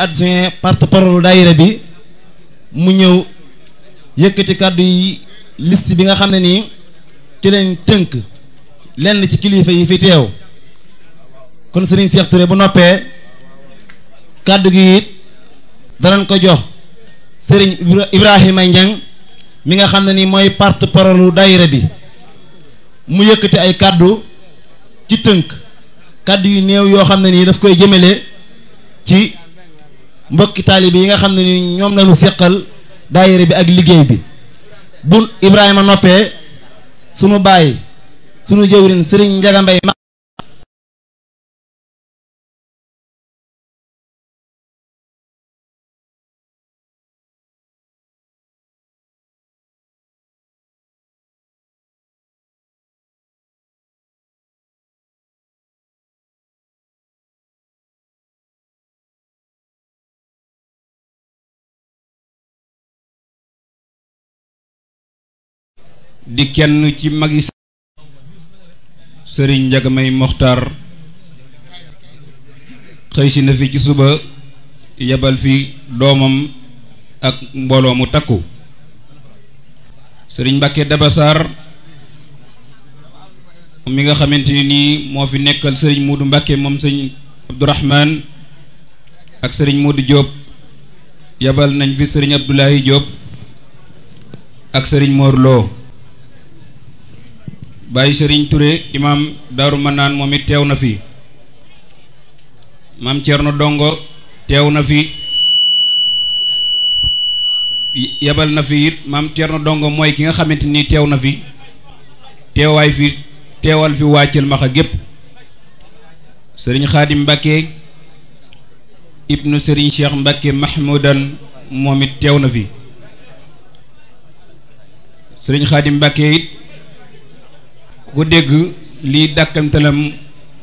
adjoint porte-parole daayira bi mu ñëw yëkkati kàddu yi list bi nga xam ne nii ci leen tënk lenn ci kilifa yi fi teew kon Serigne Cheikh Touré bu noppee kàddu gi it danañ ko jox Serigne Ibrahima Niang mi nga xam ne nii mooy porte-parole daayira bi mu yëkkati ay kàddu ci tënk kàddu yu néew yoo xam ne nii daf koy jëmale ci mbokki taali taalibe yi nga xam ne ni ñoom lañu séqal daayira bi ak liggéey bi bu Ibrahima noppee sunu baay sunu jëwrin sëriñ Njaga Mbay di kenn ci magi sëriñ njaga may moxtaar xëy si na fi ci suba yebal fi doomam ak mbooloo mu takku sëriñ mbàkke dabasaar mi nga xamante ni nii moo fi nekkal sëriñ muudu mbàkke moom sëriñ abdourahman ak sëriñ muudu jóob yebal nañ fi sëriñ abdoulahi jóob ak sëriñ moor Baye Serigne Touré imam Daaru Manaan moom it teew na fi maam Thierno Dongo teew na fi yebal na fi it maam Thierno Dongo mooy ki nga xamante ni teew na fi teewaay fi teewal fi wàccel maxa gépp Serigne Khadim Mbacke ibnu Serigne Cheikh Mbacke teew na fi it ku dégg lii dàkkantalam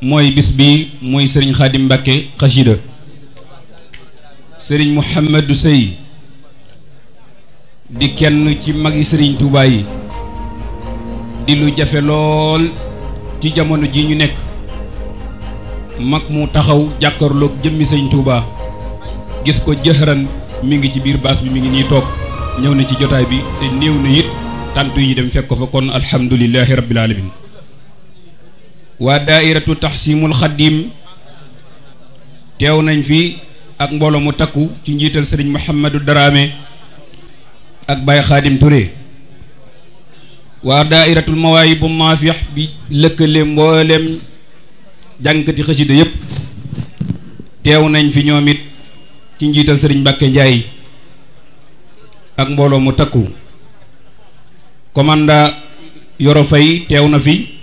mooy bis bi mooy sëriñ xaadim mbàkke xasida sëriñ muhammadu sëy di kenn ci mag yi sëriñ tuubaa yi di lu jafe lool ci jamono ji ñu nekk mag mu taxaw jàkkarloog jëmmi sëriñ tuubaa gis ko jëxëran mi ngi ci biir baas bi mi ngi nii toog ñëw na ci jotaay bi te néew na it tàntu yi dem fekk ko fa kon alhamdulillahi rabbil alamin waa daairatu taxsimul xadim teew nañ fi ak mbooloo mu takku ci njiital sëriñ Mouhamadou Darame ak Baye Xaadim Touré waa daairatul mawaahibu naafix bi lëkkale mbooleem jànkati xasida yépp teew nañ fi ñoom it ci njiital sëriñ Mbàkke Njaay ak mbooloo mu takku commanda Yoro teew na fi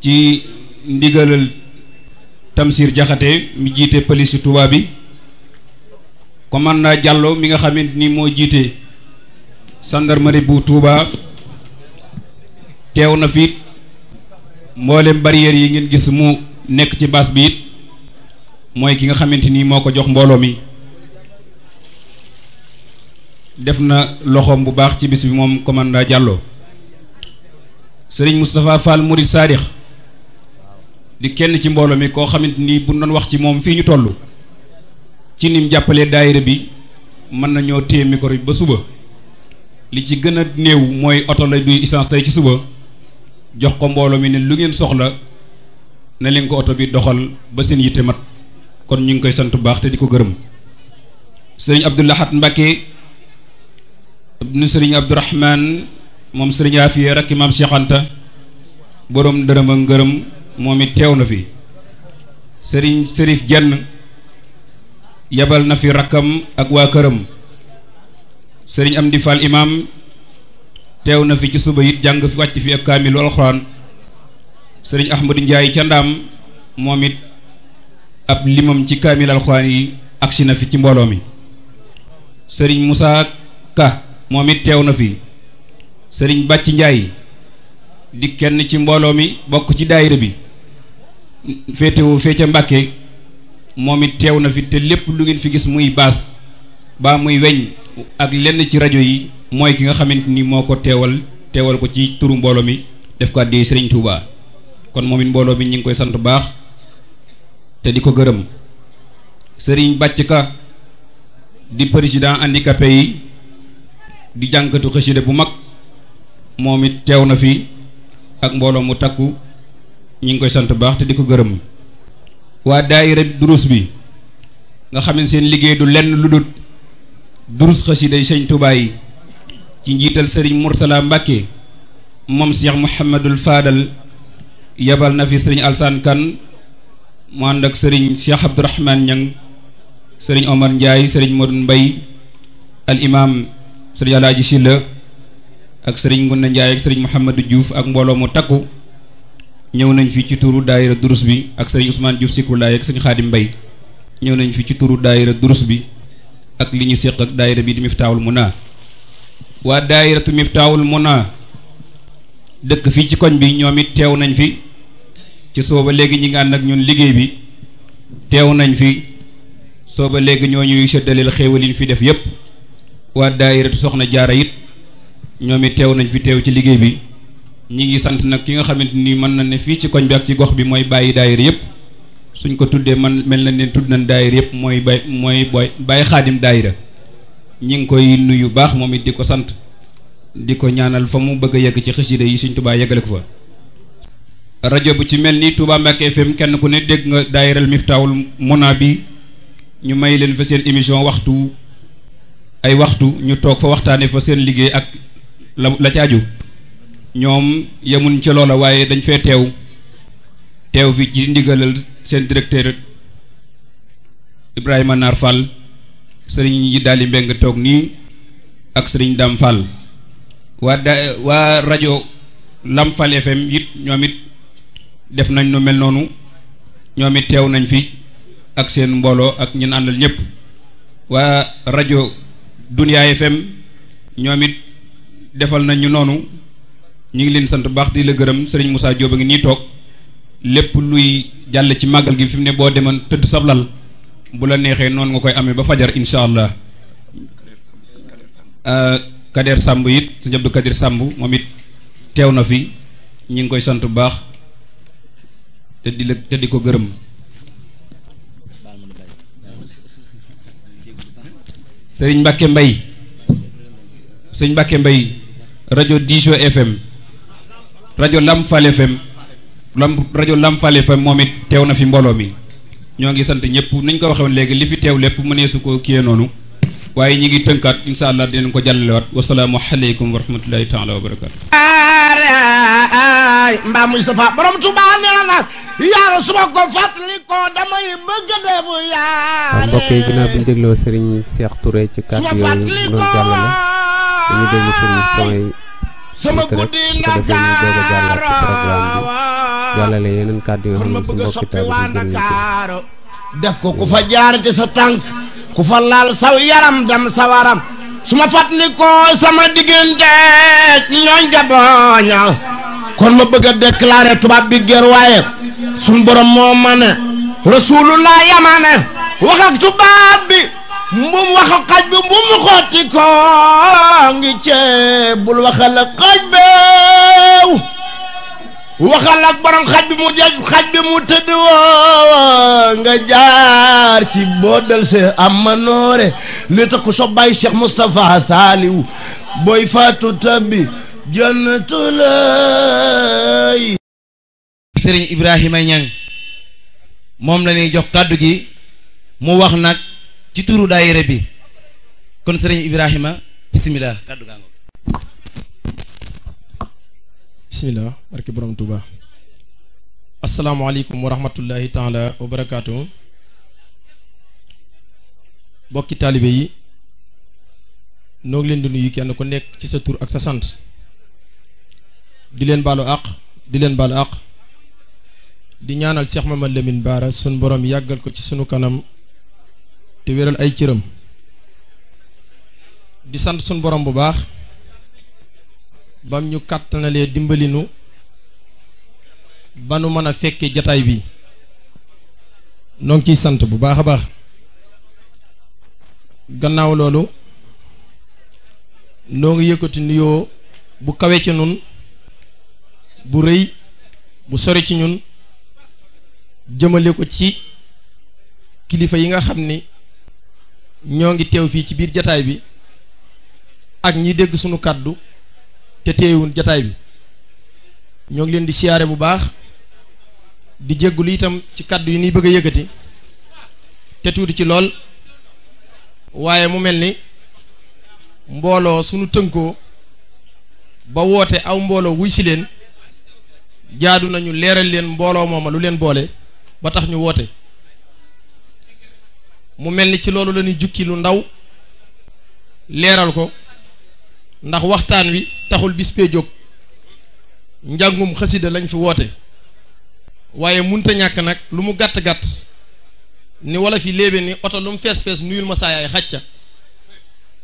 ci ndigalal Tamsir Jaxate mi jiite police Touba bi commandant Diallo mi nga xamante ni moo jiite gendarmerie bu tuubaa teew na fiit mboolem barrières yi ngeen gis mu nekk ci baas bi mooy ki nga xamante ni moo ko jox mbooloo mi def na loxoom bu baax ci bis bi moom commandant Diallo Serigne Moustapha Fall Mouride Sadikh di kenn ci mbooloo mi koo xamante nii bu doon wax ci moom fii ñu toll ci nim jàppale daayira bi mën nañoo téye micro bi ba suba li ci gën a néew mooy oto la duy essence tey ci suba jox ko mbooloo mi ne lu ngeen soxla ne leen ko oto bi doxal ba seen yitte mat kon ñu ngi koy sant bu baax te di ko gërëm sëriñ Abdou Lahad Mbacké ibnu sëriñ Abdourahman moom sëriñ Afia rakk Maam Cheikh Anta dërëm ak ngërëm moom it teew na fi sëriñ sërif jenn yebal na fi rakkam ak waa këram sëriñ am di fall imam teew na fi ci suba it jàng fi wàcc fi ak kaamilu alxuraan sëriñ ahmadu njaay ca ndaam moom it ab limam ci kaamil alxuraan yi agsi na fi ci mbooloo mi sëriñ Moussa Ka moom it teew na fi sëriñ bàcc njaay di kenn ci mbooloo mi bokk ci daayira bi féetewoo fee ca Mbàkke moom it teew na fi te lépp lu ngeen fi gis muy baas baa muy weñ ak lenn ci rajo yi mooy ki nga xamante ni moo ko teewal teewal ko ci turu mbooloo mi def ko àddee Sëriñ Tuubaa kon moom it mbooloo mi ñu ngi koy sant baax te di ko gërëm Sëriñ Bàcc Ka di président handicapé yi di jànkatu xasida bu mag moomit teew na fi ak mbooloo mu takku ñu ngi koy sant baax te di ko gërëm waa daayira durus bi nga xam seen liggéey du lenn lu dul durus day yi sëñ Tuubaa yi ci njiital sëriñ Mourtala Mbàkke moom Cheikh Mouhamadul Fadal yebal na fi sëriñ Alsaan Kan mu ànd ak sëriñ Cheikh Abdourahman Ñang sëriñ Omar Ndiaye sëriñ modul Mbay al imaam sëriñ Alaaji Silla ak sëriñ Ngunda Ndiaye ak sëriñ Mouhamadou Diouf ak mbooloo mu takku ñëw nañ fi ci turu daayira durus bi ak sëriñ Ousmane Diouf Sikulaay ak sëriñ Xaadim Mbay ñëw nañ fi ci turu daayira durus bi ak li ñu séq ak daayira bi di Miftaahul Muna waa daayiratu Miftaahul Muna dëkk fii ci koñ bi ñoom it teew nañ fi ci sooba léegi ñi ngi ànd ak ñun liggéey bi teew nañ fi sooba léegi ñoo ñuy séddaleel xéewal yi ñu fi def yépp waa daayiratu soxna jaara it ñoom it teew nañ fi teew ci liggéey bi ñi ngi sant nag ki nga xamante ni mën na ne fii ci koñ bi ak ci gox bi mooy bàyyi daayir yëpp suñ ko tuddee man mel na ne tudd nañ daayir yëpp mooy bay mooy boy bàyyi xaadim daayira ñi ngi koy nuyu baax moom it di ko sant di ko ñaanal fa mu bëgg a yegg ci xasida yi suñ tubaa yeggale ko fa rajo bu ci mel ni Touba Mbacke kenn ku ne dégg nga daayiral miftaawul mona bi ñu may leen fa seen émission waxtu ay waxtu ñu toog fa waxtaane fa seen liggéey ak la la caaju ñoom yemuñ ca loola waaye dañ fee teew teew fi ci ndigalal seen directeur Ibrahima Naar Fall sëriñ yi daali mbeng toog nii ak sëriñ Dam Fall waa da waa rajo Lam Fall FM it ñoom it def nañ nu mel noonu ñoom it teew nañ fi ak seen mbooloo ak ñun àndal ñëpp waa rajo Dunia FM ñoom it defal nañu noonu ñu ngi leen sant bu baax di la gërëm sëriñ Moussa Diop a ngi nii toog lépp luy jàll ci màggal gi fi mu ne boo demoon tëdd sablal bu la neexee noonu nga koy amee ba fajar incha allah euh, Kader Samb it sëñ Abdou Kader Samb moom it teew na fi ñu ngi koy sant bu baax te di la te di ko gërëm sëriñ Mbacke mbay sëriñ Mbacke Mbaye rajo Dijo FM rajo Lamfal FM lam rajo Lamfal FM moom it teew na fi mbooloo mi ñoo ngi sant ñëpp nañ ko waxee woon léegi li fi teew lépp mën su ko kiyee noonu waaye ñi ngi tënkaat incha allah dinañ ko jàllalewaat wasalaamu aleykum wa rahmatullahi taala wa barakaatu. mbaa muy safa borom Tuubaa nee na yàlla su ma ko fàttali ko damay bëgg def yaare. mbokk yi ginnaaw bi dégloo Serigne Cheikh Touré ci kàddu yooyu noonu jàllale dañu déglu Serigne Soy sama guddi Ndakaaro def ko ku fa jaarate sa tànk ku fa laal saw yaram dem sawaram su ma ko sama diggante ñooñ jabooña kon ma bëgg a tubaab bi ger waaye sun borom moo ma ne rasulullah yama wax ak tubaab bi mbum waxu xaj bi mbum xotti ko ngi cee bul waxal ak xaj beew waxal ak borom xaj bi mu jaj xaj bi mu tëdd woo nga jaar ci boo del see am manoore li tax ku sob bàyyi Cheikh Moustapha booy faatu tabbi jannatu lay Ibrahima Ñang moom la jox kàddu gi mu wax nag ci turu daayira bi kon sëriñ Ibrahima bisimilah kàddu gaa ngoog bisimilah barke borom Touba asalaamaaleykum wa rahmatullahi taala wa bokki taalibe yi noo leen di nuyu kenn ku nekk ci sa tur ak sa sant di leen baalu àq di leen baalu àq di ñaanal Cheikh Mamadou Lamine Bara sun borom yàggal ko ci sunu kanam te wéral ay cëram di sant suñ borom bu baax bam ñu kàttanalee dimbalinu ba nu mën a fekke jataay bi noo ngi sant bu baax a baax gannaaw loolu noo ngi yëkkati nuyoo bu kawe ci ñun bu rëy bu sori ci ñun jëmale ko ci kilifa yi nga xam ni ñoo ngi teew fii ci biir jataay bi ak ñi dégg sunu kàddu te teewun jataay bi ñoo ngi leen di siyaare bu baax di jéggulu itam ci kàddu yi nuy bëgg a yëkkati te tuuti ci lool waaye mu mel ni mbooloo sunu tënkoo ba woote aw mbooloo wuy si leen jaadu nañu leeral leen mbooloo mooma lu leen boole ba tax ñu woote mu mel ni ci loolu la jukki lu ndaw leeral ko ndax waxtaan wi taxul bis jóg njàngum xasida lañ fi woote waaye munta ñàkk nag lu mu gàtt-gàtt ni wala fi léebe ni oto lu mu fees-fees nuyul ma saa yaay xàcca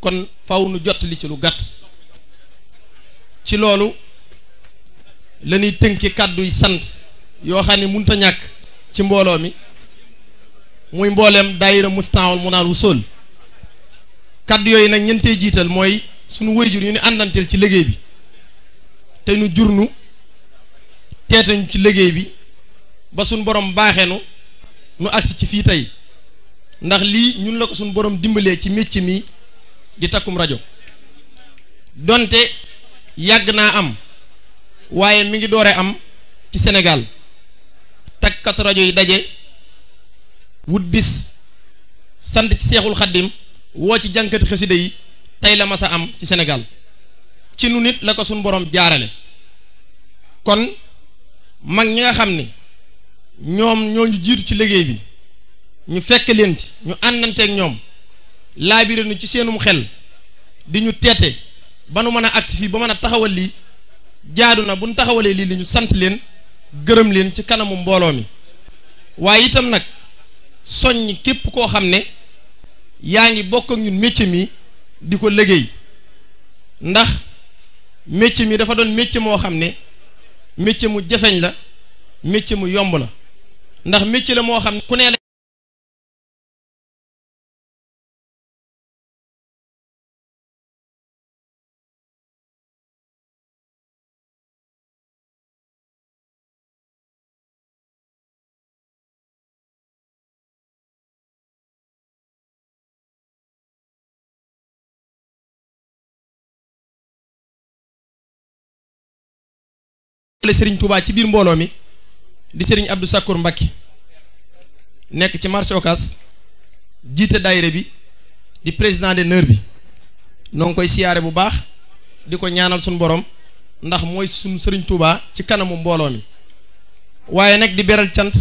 kon faw nu jot li ci lu gàtt ci loolu la ñuy tënki kàdduy sant yoo xam ne munta ñàkk ci mbooloo mi muy mbooleem daayira mustaawul mu naan wu sóol kaddu yooyu nag ñentee jiital mooy sunu wayjur yu ni àndanteel ci liggéey bi te nu jurnu teetañu ci liggéey bi ba suñ borom baaxeenu nu agsi ci fii tey ndax lii ñun la ko suñ boroom dimbalee ci métier mi di takkum rajo doonte yàgg naa am waaye mi ngi doore am ci Sénégal takkat rajo yi daje wut bis sant ci seexul xaddim woo ci jànkati xasida yi tey la mas a am ci senegal ci nu nit la ko suñ boroom jaarale kon mag ñi nga xam ni ñoom ñoo ñu jiitu ci liggéey bi ñu fekk leen ci ñu àndanteeg ñoom laabire nu ci seenum xel di ñu teete ba nu mën a agsi fii ba mën a taxawal lii jaadu na bu taxawalee lii li ñu sant leen gërëm leen ci kanamu mbooloo mi waaye itam nag soññ képp koo xam ne yaa ngi bokk ak ñun métier mi di ko liggéey ndax métier mi dafa doon métier moo xam ne métier mu jafeñ la métier mu yomb la ndax métier la moo xam ne ku ne la jàppale Serigne Touba ci biir mbooloo mi di Serigne Abdou Sakkour Mbacke nekk ci marché Ocass jiite daayira bi di président d'honneur bi noo ngi koy siyaare bu baax di ko ñaanal suñu borom ndax mooy suñu sëriñ Touba ci kanamu mbooloo mi waaye nag di beral cant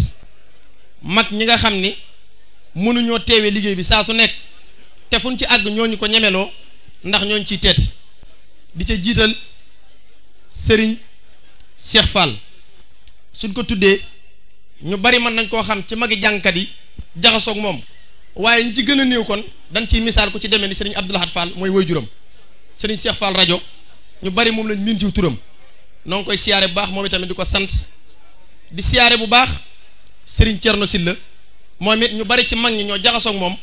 mag ñi nga xam ni mënuñoo teewee liggéey bi saa su nekk te fuñ ci àgg ñooñu ko ñemeloo ndax ñooñ ciy teet di ca jiital Serigne Cheikh Fall suñ ko tuddee ñu bari mën nañ koo xam ci magi jànkat yi jaxasoog moom waaye ñi ci gën a néew kon dañ ciy misaal ko ci demee ni sëriñ Abdoul Ahad Fall mooy waajuram sëriñ Cheikh Fall rajo ñu bari moom lañ miin ciw turam noo ngi bu baax moom itamit di ko sant di siyaare bu baax sëriñ Thierno Sylla moom it ñu bari ci mag ñi ñoo jaxasoog moom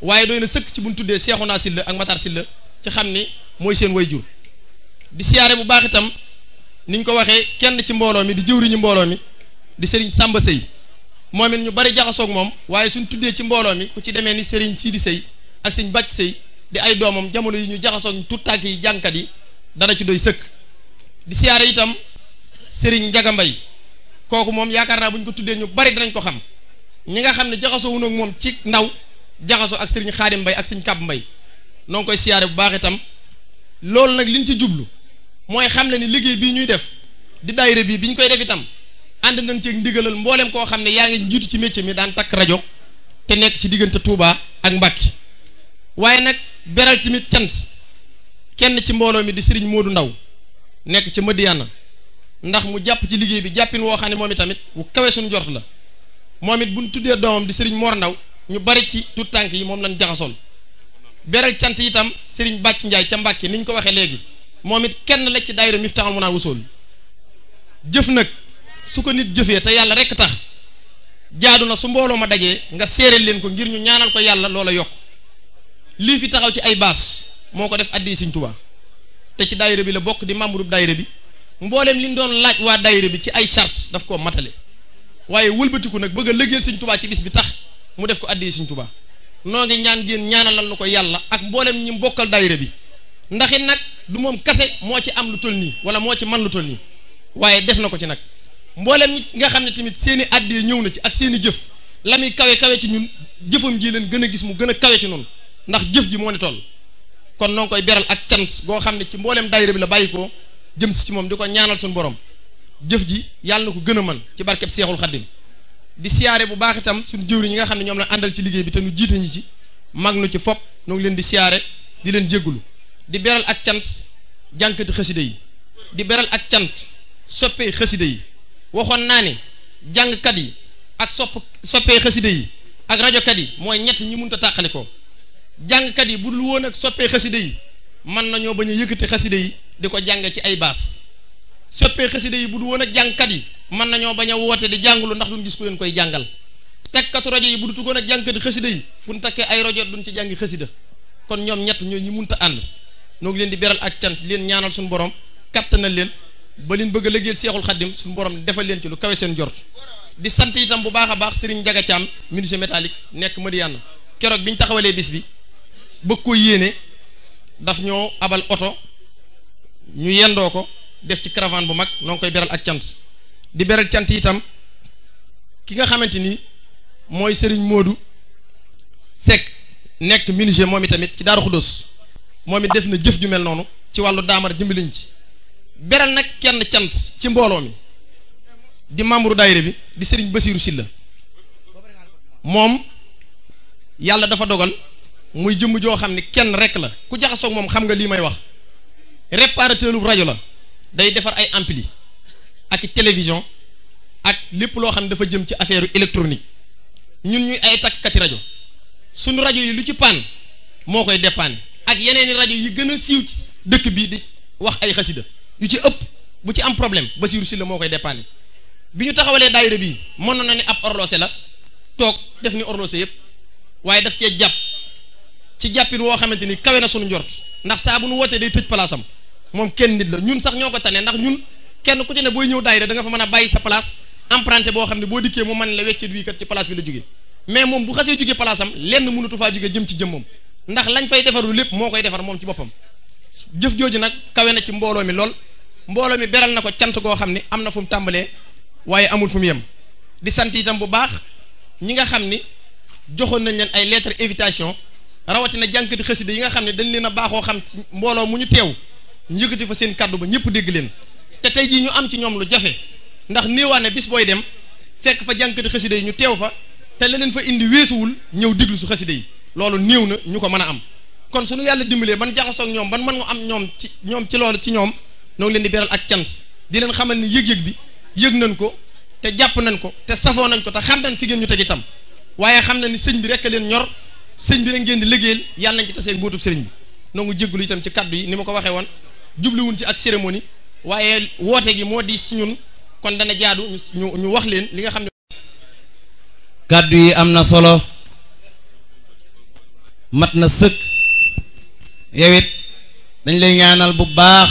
waaye doy na sëkk ci buñ tuddee naa Sylla ak Matar Sylla ci xam ni mooy seen way jur di siyaare bu baax itam niñ ko waxee kenn ci mbooloo mi di jëwriñu mbooloo mi di sëriñ sàmba Sey moom it ñu bari jaxasook moom waaye suñ tuddee ci mbooloo mi ku ci demee ni sëriñ Sidi Sey ak sëñ Bàcc Sey di ay doomam jamono yi ñu jaxasoog tuttàkk yi jànkat yi dana ci doy sëkk di siyaare itam sëriñ Njaga Mbay kooku moom yaakaar naa bu ñu ko tuddee ñu bari danañ ko xam ñi nga xam ne jaxasoo wuñu ak moom ci ndaw jaxasoo ak sëriñ Xaadim Mbay ak sëñ Kab Mbay noo ngi koy siyaare bu baax itam loolu nag liñ ci jublu mooy xam le ni liggéey bii ñuy def di daayira bii bi ñu koy def itam ànd nañ ci ndigalal mboolem koo xam ne yaa ngi njiitu ci métier mi daan takk rajo te nekk ci diggante Touba ak Mbàkke waaye nag beral tamit cant kenn ci mbooloo mi di sëriñ moodu Ndaw nekk ci Madiana ndax mu jàpp ci liggéey bi jàppin woo xam ne moom tamit wu kawe suñu jort la moom it buñ tuddee doomam di sëriñ Mor Ndaw ñu bari ci tut tànk yi moom lañu jaxasool beral cant itam sëriñ Bàcc Njaay ca Mbàkke niñ ko waxee léegi moom it kenn la ci daayira Miftaahul Munaa Wusul jëf nag su ko nit jëfee te yàlla rekk tax jaadu na su mbooloo ma dajee nga séeréel leen ko ngir ñu ñaanal ko yàlla loola yokk lii fi taxaw ci ay baas moo ko def addi Sëriñ Tuubaa te ci dayre bi la bokk di membre daayira bi mbooleem liñ doon laaj waa daayira bi ci ay charte daf koo matale waaye wëlbatiku nag bëgg a liggéey Sëriñ ci bis bi tax mu def ko addi Sëriñ Tuubaa noo ngi ñaan génn ñaanalal nu ko yàlla ak mbooleem ñi bokkal daayira bi du moom kase moo ci am lu toll nii wala moo ci man lu toll nii waaye def na ko ci nag mboolem ñi nga xam ne tamit seeni i àddee ñëw na ci ak seen i jëf la muy kawe kawe ci ñun jëfam ji leen gën a gis mu gën a kawe ci noonu ndax jëf ji moo ni toll kon noo koy beral ak cant goo xam ne ci mboolem daayira bi la bàyyi ko jëm si ci moom di ko ñaanal suñu borom jëf ji yàlla na ko gën a mën ci barkeb seexul xaddim di siyaare bu baax itam suñu jëwri ñi nga xam ne ñoom la àndal ci liggéey bi te nu jiite ñi ci mag nu ci fop noo leen di siyaare di leen jéggulu di beral ak cant jànkati xasida yi di beral ak cant soppee xasida yi waxoon naa ne jàngkat yi ak sopp soppee xasida yi ak rajokat yi mooy ñett ñi mënut a tàqali ko jàngkat yi bu dul woon ak soppee xasida yi mën nañoo bañ a yëkkati xasida yi di ko jàng ci ay baas soppee xasida yi bu dul woon ak jàngkat yi mën nañoo bañ a woote di jàngalu ndax duñ gis ku leen koy jàngal tekkatu rajo yi bu dutugoon ak jàngkati xasida yi buñ takkee ay rajo duñ ci jàngi xasida kon ñoom ñett ñoo ñi munta ànd noo leen di beral ak cant leen ñaanal suñu borom kattanal leen ba leen bëgg a liggéeyal seexul xaddim suñu borom defal leen ci lu kawe seen jort di sant itam bu baax a baax sëriñ Ndiaga Thiam menuisier métallique nekk Madiyana keroog bi ñu taxawalee bis bi bëgg ko yéene daf ñoo abal oto ñu yendoo ko def ci caravane bu mag noo koy beral ak cant di beral cant itam ki nga xamante ni mooy sëriñ Modou Seck nekk menuisier moom itamit ci Daaru Xuddoos moom it def na jëf ju mel noonu ci wàllu daamar dimbaliñ ci beral nag kenn cant ci mbooloo mi di membre daayira bi di sëriñ Basiiru la moom yàlla dafa dogal muy jëmm joo xam ne kenn rek la ku jaxasoog moom xam nga lii may wax réparateurub rajo la day defar ay ampli ak télévision ak lépp loo xam ne dafa jëm ci affaire électronique ñun ñuy ay takkati rajo sunu rajo yi lu ci paan moo koy dépanne ak yeneen i rajo yi gën a siiw dëkk bi di wax ay xasida yu ci ëpp bu ci am problème Basiru Sylla moo koy dépanne bi ñu taxawalee daayira bii mën na ni ab orloose la toog def ni orloose yëpp waaye daf cee jàpp ci jàppin woo xamante ni kawe na sunu njort ndax saa bu nu wootee day tëj palaasam moom kenn nit la ñun sax ñoo ko tane ndax ñun kenn ku ci ne booy ñëw daayira da fa mën a bàyyi sa place emprunté boo xam ne boo dikkee mu mën la weccet wii bi la jógee mais moom bu xasee jógee palaasam lenn mënatu faa jógee jëm ci jëmmam ndax lañ fay defaru lépp moo koy defar moom ci boppam jëf jooju nag kawe na ci mbooloo mi lool mbooloo mi beral na ko cant goo xam ni am na fu mu tàmbalee waaye amul fu mu yem di sant itam bu baax ñi nga xam ni joxoon nañ leen ay lettre invitation rawatina jànkati xasida yi nga xam ne dañ leen a baaxoo xam mbooloo mu ñu teew ñu yëkkati fa seen kàddu ba ñëpp dégg leen te tey jii ñu am ci ñoom lu jafe ndax néewaane bis booy dem fekk fa jànkati xës yi ñu teew fa leneen fa indi weesuwul ñëw diglu su xasida loolu néew na ñu ko mën a am kon suñu yàlla dimbalee ban jaxasoo ak ñoom ban man nga am ñoom ci ñoom ci loolu ci ñoom ñoo leen di beral ak cant di leen xamal ni yëg-yëg bi yëg nañ ko te jàpp nañ ko te safoo nañ ko te xam nañ fi ngeen ñu teg itam waaye xam na ni sëñ bi rek a leen ñor sëñ bi rek ngeen di liggéeyal yàlla nañ ci tasee mbuutub sëriñ bi nongu jéggulu itam ci kaddu yi ni ma ko waxee woon jubluwun ci ak cérémonie waaye woote gi moo diis ci ñun kon dana jaadu ñu ñu wax leen li nga xam ne kaddu yi am na solo mat na sëkk yow it dañ lay ñaanal bu baax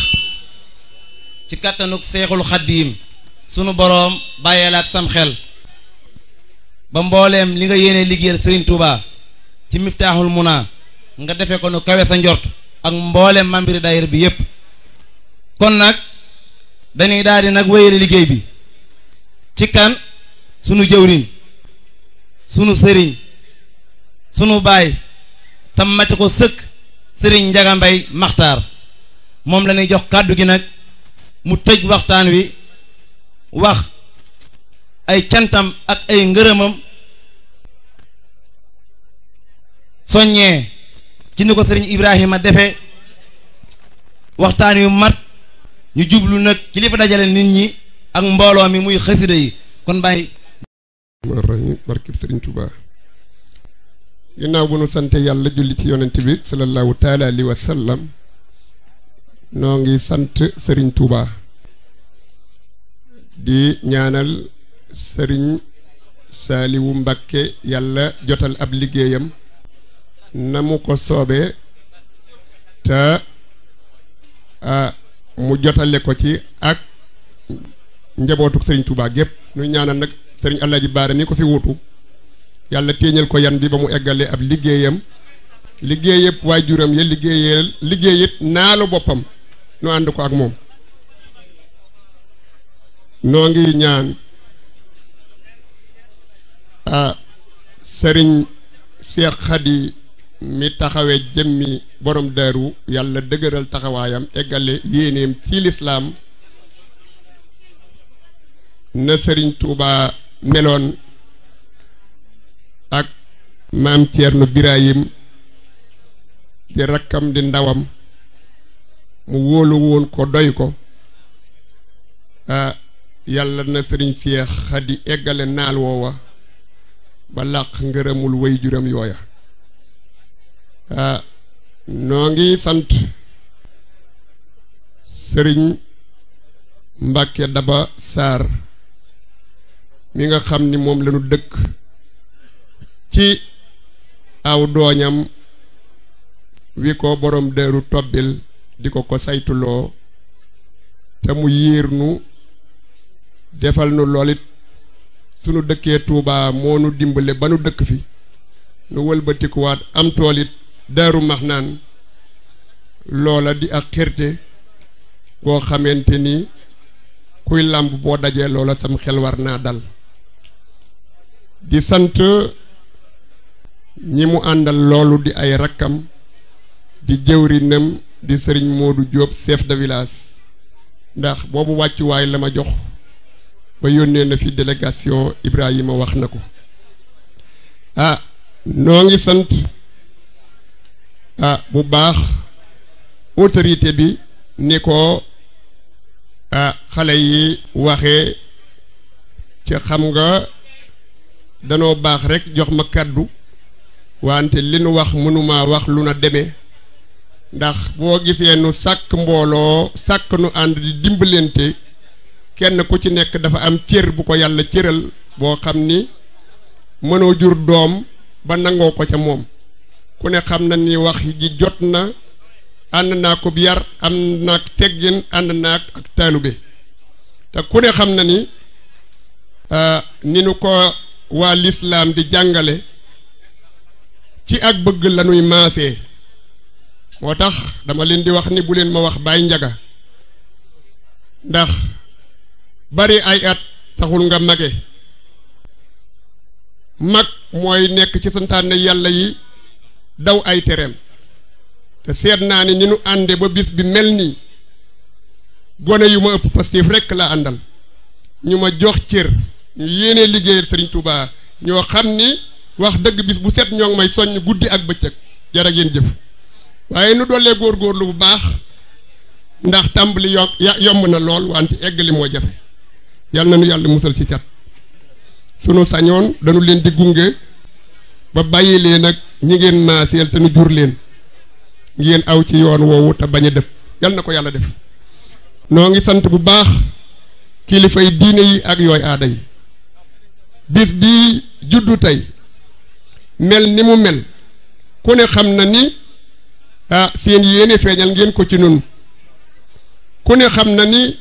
ci kàttanug seexul xaddiim sunu boroom bàyyeelaak sam ba mbooleem li nga yéene liggéeyal Serigne Touba ci miftaaxul munaa nga defe ko nu kawe sa njort ak mbooleem mambiri daayir bi yépp kon nag dañuy daldi nag wéyale liggéey bi ci kan sunu jëwriñ sunu sëriñ sunu baay tam mate ko sëkk sëriñ Njaga Mbay Maxtaar moom la jox kàddu gi nag mu tëj waxtaan wi wax ay cantam ak ay ngërëmam soññee ci ni ko sëriñ Ibrahima defe waxtaan yu mat ñu jublu nag ci li fa dajale nit ñi ak mbooloo mi muy xasida yi kon bàyyi sëriñ Tuubaa ginnaaw bu nu sante yàlla julli ci yonent bi sallallahu taala alayhi wa sallam noo ngi sant sëriñ Touba di ñaanal sëriñ Saaliwu Mbàkke yàlla jotal ab liggéeyam na mu ko soobee te mu jotale ko ci ak njabootu sëriñ Touba gépp nu ñaanal nag sëriñ Alaaji Baara mi ko fi wutu yàlla téeñal ko yan bi ba mu eggalee ab liggéeyam liggéey yëpp waajuram ya liggéeyal liggéey it naalu boppam nu ànd ko ak moom noo ngi ñaan ah sëriñ Cheikh mi taxawee jëmmi borom daaru yàlla dëgëral taxawaayam eggale yéeneem ci lislaam na sëriñ Touba meloon maam Thierno Birahim di rakkam di ndawam mu wóolu woon ko doy ko yàlla na sëriñ Seex Xadi eggale naal woowa ba làq ngërëmul way juróom yooya noo ngi sant sëriñ Mbàkke Daba Sarr mi nga xam ni moom lañu dëkk ci aw dooñam wi ko borom dëru tobbil di ko ko saytuloo te mu yiir nu defal nu loolit sunu dëkkee Tuubaa moo nu dimbale ba nu dëkk fi nu wëlbatikuwaat am toolit daaru max naan loola di ak xirte koo xamante ni kuy làmb boo dajee loola sam xel war naa dal ñi mu àndal loolu di ay rakkam di jëwrinam di sëriñ Modou Diop chef de village ndax boobu wàccuwaay la ma jox ba yónnee na fi délégation Ibrahima wax na ko ah noo ngi sant ah, bu baax autorité bi ni ko ah, xale yi waxe ci xam nga danoo baax rekk jox ma kàddu wante li nu wax mënuma wax lu na demee ndax boo gisee nu sàkk mbooloo sàkk nu ànd di dimbalante kenn ku ci nekk dafa am cër bu ko yàlla cëral boo xam ni mënoo jur doom ba nangoo ko ca moom ku ne xam na ni wax ji jot na ànd naa ko yar am naag teggin ànd naag ak taalube te ku ne xam na ni ah, ni nu ko waa lislaam di jàngale ci ak bëgg lañuy maasee moo tax dama leen di wax ni bu leen ma wax Baye Ndiaga ndax bari ay at taxul nga mage mag mooy nekk ci santaane yàlla yi daw ay tereem te seet naa ni ni nu àndee ba bis bi mel ni gone yu ma ëpp positif rekk la àndal ñu ma jox cër ñu yéene liggéeyal Serigne Touba ñoo xam ni wax dëgg bis bu set ñoo ngi may soññ guddi ak bëccëg jërë ngeen jëf waaye nu doolee góorgóorlu bu baax ndax tàmbali yo yomb na lool wante eggali moo jafe yal na nu yàlla musal ci cat sunu sañoon dañu leen di gunge ba bàyyi leen ak ñi ngeen maaseel te nu jur leen ngeen aw ci yoon woowu te bañ a dëpp yal na ko yàlla def noo ngi sant bu baax kilifay diine yi ak yooyu aada yi bis bi juddu tey mel ni mu mel ku ne xam na ni ah seen yéene feeñal ngeen ko ci nun ku ne xam na ni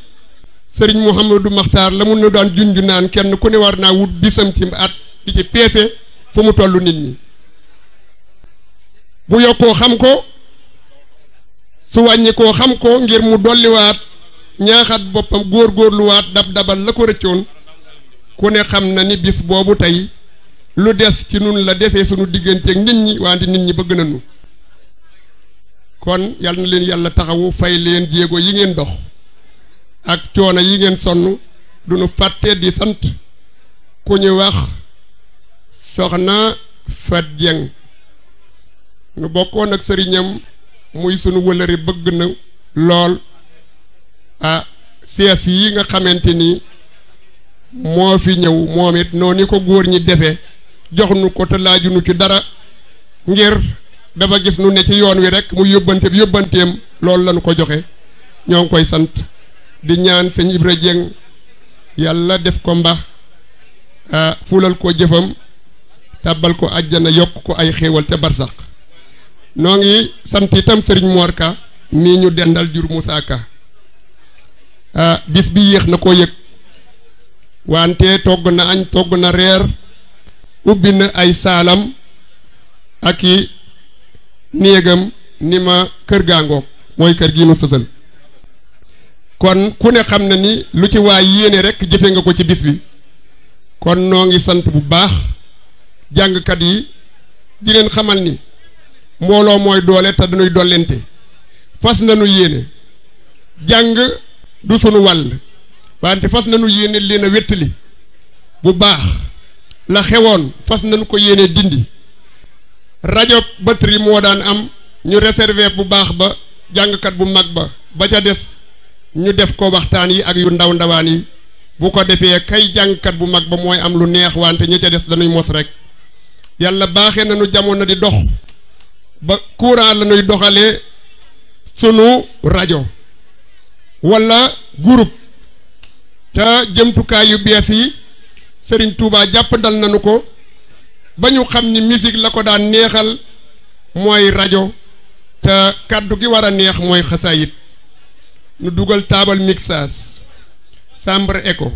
sëriñ mu Mouhamadou Makhtar la mu na daan junju naan kenn ku ne war naa wut bisam ci at di ci peese fu mu toll nit ñi bu yokkoo xam ko su wàññi koo xam ko ngir mu dolliwaat ñaaxat boppam góor góorluwaat dab dabal la ko rëccoon ku ne xam na ni bis boobu tey lu des ci nun la desee sunu digganteeg nit ñi wante nit ñi bëgg nañu kon yal na leen yàlla taxawu fay leen jéego yi ngeen dox ak coono yi ngeen sonn duñu fàtte di sant ku ñu wax soxna Fat Dieng nu bokkoon ak sëriñam muy sunu wëlëri bëgg na lool a sees yi nga xamante ni moo fi ñëw moom it noonu ko góor ñi defee joxuñu ko te laajuñu ci dara ngir dafa gis nu ne ci yoon wi rek mu yóbbante bi yóbbanteem loolu lañu ko joxe ñoo ngi koy sant di ñaan sëñ Ibra Dieng yàlla def ko mba fulal koo jëfam tàbbal ko àjjana yokk ko ay xéewal ca barsax noo ngi sant itam sëriñ Mor Ka nii ñu dendal jur Moussa Ka bis bi yéex na koo yëg wante togg na añ togg na reer ubbi na ay saalam ak i néegam ni ma kër gaangoog mooy kër gi nu sësal kon ku ne xam na ni lu ci waay yéene rek jëfe nga ko ci bis bi kon noo ngi sant bu baax jàngkat yi di xamal ni mbooloo mooy doole te dañuy dollente fas nanu yéene jàng du sunu wàll wante fas nañu yéene leen a wéttali bu baax la xewoon fas nañ ko yéene dindi rajo batterie moo daan am ñu réserver bu baax ba jàngkat bu mag ba ba ca des ñu def ko waxtaan yi ak yu ndaw ndawaan yi bu ko defee kay jàngkat bu mag ba mooy am lu neex wante ñi ca des dañuy mos rek yàlla baaxe nañu jamono di dox ba courant la ñuy doxalee sunu rajo wala groupe te jëmtukaay yu bees yi Serigne Touba jàppandal nañu ko ba ñu xam ni misik la ko daan neexal mooy rajo te kàddu gi war a neex mooy xasaayit nu dugal taabal mixage chambre écho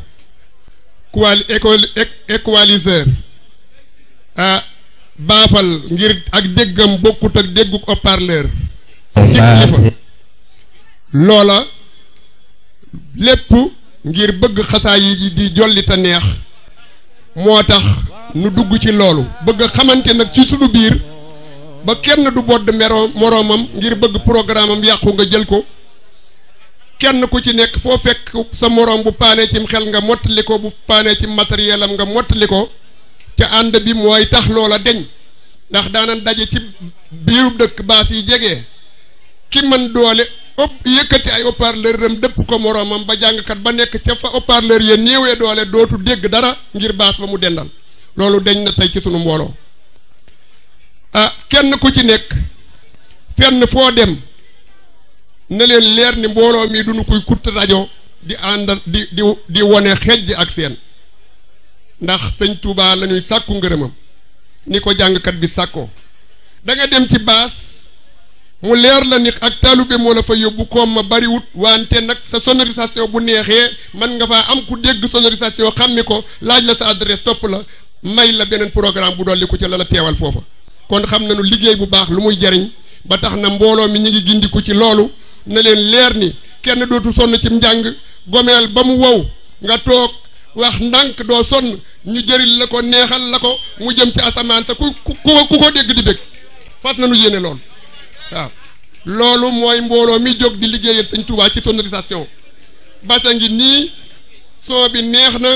quali équaliseur baafal ngir ak déggam bokkut ak dégguk haut-parleur ci kilifa loola lépp ngir bëgg xasaayit yi di jollit a neex moo tax nu dugg ci loolu bëgg xamante nag ci sunu biir ba kenn du bodd meroom moroomam ngir bëgg programme am yàqu nga jël ko kenn ku ci nekk foo fekk sa moroom bu paanee cim xel nga mottali ko bu paanee ci matériel am nga mottali ko te ànd bi mooy tax loola deñ ndax daanan daje ci biirub dëkk baas yi jege ki doole ëpp yëkkati ay haut-parleur dem dëpp ko moroomam ba jàngkat ba nekk ca fa haut-parleur ya néewee doole dootu dégg dara ngir baas ba mu dendal loolu deñ na tey ci sunu mbooloo ah kenn ku ci nekk fenn foo dem na leen leer ni mbooloo mi duñu kuy kutt rajo di àndal di di di wone xejj ak seen ndax sëñ Touba lañuy ñuy sàkku ngërëmam ni ko jàngkat bi sàkkoo da dem ci baas mu leer la ni ak taalube moo la fa yóbbu koom ma bariwut wante nag sa sonorisation bu neexee man nga faa am ku dégg sonorisation xàmmi ko laaj la sa adresse topp la may la beneen programme bu dolli ko ci la la teewal foofa kon xam nañu liggéey bu baax lu muy jariñ ba tax na mbooloo mi ñu ngi gindiku ci loolu na leen leer ni kenn dootu sonn ci njàng gomeel ba mu wow nga toog wax ndànk doo sonn ñu jëriñ la ko neexal la ko mu jëm ci asamaan sa ku ku ko dégg di bég fas nañu yéene loolu waaw loolu mooy mbooloo mi jóg di liggéeyal sëñ Touba ci sonorisation basa ngi nii son bi neex na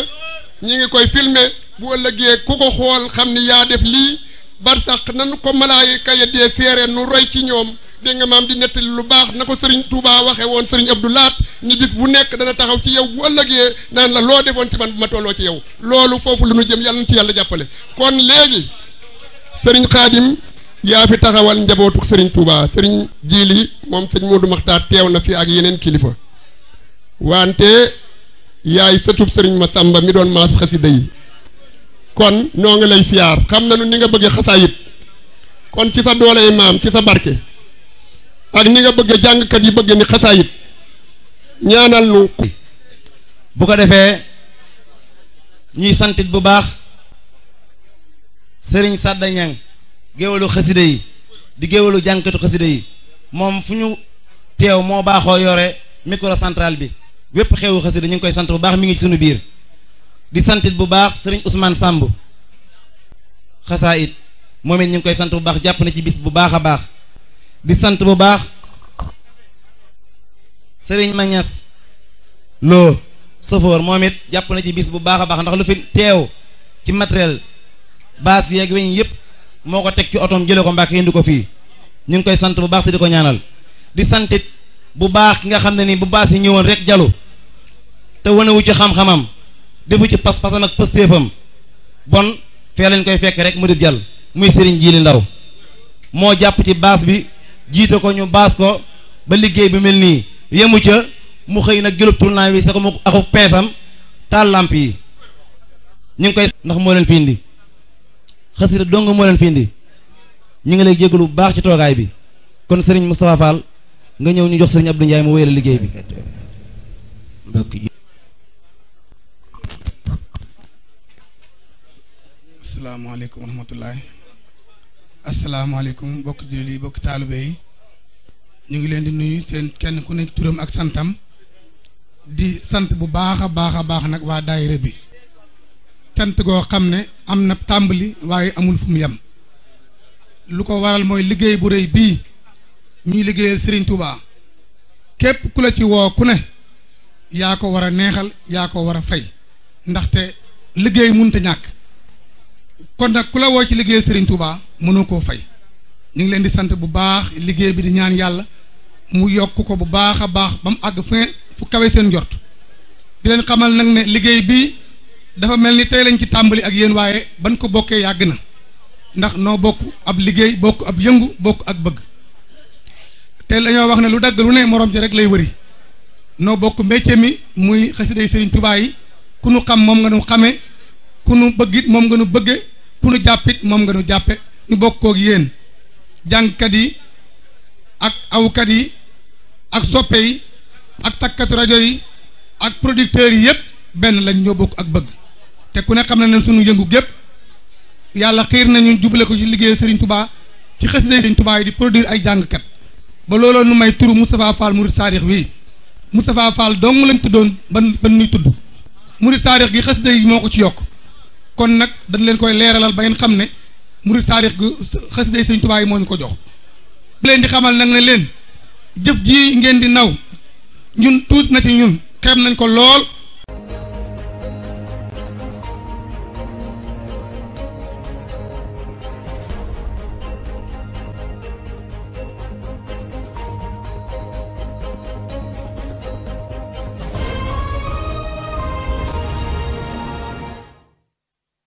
ñi ngi koy filmer bu ëllëgee ku ko xool xam ni yaa def lii bar sax nanu ko malaayika ya dee seere nu roy ci ñoom dégg nga maam di nettali lu baax na ko sëriñ Touba waxee woon sëriñ Abdou laat ni bis bu nekk dana taxaw ci yow bu ëllëgee naan la loo defoon ci man bu ma tolloo ci yow loolu foofu lu nu jëm yàlla na ci yàlla jàppale kon léegi sëriñ Xaadim yaa fi taxawal njabootu sëriñ Touba sëriñ Jili moom sëñ Modou Maxtaar teew na fi ak yeneen kilifa wante yaay sëtub sëriñ ma sàmba mi doon maas xasida yi kon noo ngi lay siyaar xam na nañu ni nga bëgge xasaayit kon ci sa doole maam ci sa barke ak ni nga bëgge jàngkat yi bëgge ni xasaayit ñaanal nu bu ko defee ñuy santit bu baax sëriñ Sadda Ñang géwalu xasida yi di géwalu jànkatu xasida yi moom fu ñu teew moo baaxoo yore micro central bi wépp xewu xasida ñu ngi koy sant bu baax mi ngi ci sunu biir di santit bu baax sëriñ Ousmane Samb xasaayit moom it ñu ngi koy sant bu baax jàpp na ci bis bu baax a baax di sant bu baax sëriñ Mañas loo safoor moom it jàpp na ci bis bu baax a baax ndax lu fi teew ci matériel baas yeeg weñ yëpp moo ko teg ci otoom jëlee ko Mbàkke indi ko fii ñu ngi koy sant bu baax te di ko ñaanal di santit bu baax ki nga xam ne ni bu baax si ñëwoon rek jalu te wanewu ci xam-xamam defu ci pas-pasam ak pëstéefam bon fee lañ koy fekk rek mu di jàll muy sëriñ Jili Ndaw moo jàpp ci baas bi jiite ko ñu baas ko ba liggéey bi mel nii yemu ca mu xëy nag jëlub tournant bi sa ko mu ak peesam taal làmp yi ñu ngi koy ndax moo leen fi indi xasida dong moo leen fi ñu ngi lay jégalu bu baax ci toogaay bi kon sëriñ Moustapha nga ñëw ñu jox sëriñ Abdou Ndiaye mu wéyal liggéey bi. asalaamaaleykum wa rahmatulah. asalaamaaleykum mbokki jullit yi mbokki yi ñu ngi leen di nuyu seen kenn ku nekk turam ak santam di sant bu baax a baax a baax nag waa daayira bi. cant goo xam ne am na tàmbali waaye amul fu mu yem lu ko waral mooy liggéey bu rëy bii ñuy liggéeyal Serigne Touba képp ku la ci woo ku ne yaa ko war a neexal yaa ko war a fay ndaxte liggéey mënut ñàkk kon nag ku la woo ci liggéeyal Serigne Touba mënoo koo fay ñu ngi leen di sant bu baax liggéey bi di ñaan yàlla mu yokk ko bu baax a baax ba mu àgg fu kawe seen jort di leen xamal nag ne liggéey bi dafa mel ni tey lañ ci tàmbali ak yéen waaye bañ ko bokkee yàgg na ndax noo bokk ab liggéey bokk ab yëngu bokk ak bëgg tey dañoo wax ne lu dagg lu ne morom ji rek lay wëri noo bokk métier mi muy xasiday Serigne Touba yi ku nu xam moom nga nu xamee ku nu bëggit moom nga nu bëgge ku nu jàppit moom nga nu jàppe ñu bokkook yéen jàngkat yi ak awkat yi ak soppe yi ak takkatu rajo yi ak producteurs yi yëpp benn lañ ñoo bokk ak bëgg te ku ne xam na ne sunu yëngu gépp yàlla xiir nañu jubale ko ci liggéey Serigne Touba ci xasida Serigne tubaa yi di produire ay jàngkat ba looloo nu may turu Moustapha Fall Murid Saadix wi Moustapha Fall dong lañ tuddoon ban ban ñuy tudd Murid Saadix gi xasida yi moo ko ci yokk kon nag dañ leen koy leeralal ba ngeen xam ne Murid Saadix gi xasida Serigne Touba yi moo ñu ko jox bu leen di xamal nag ne leen jëf ji ngeen di naw ñun tuuti na ci ñun xeeb nañ ko lool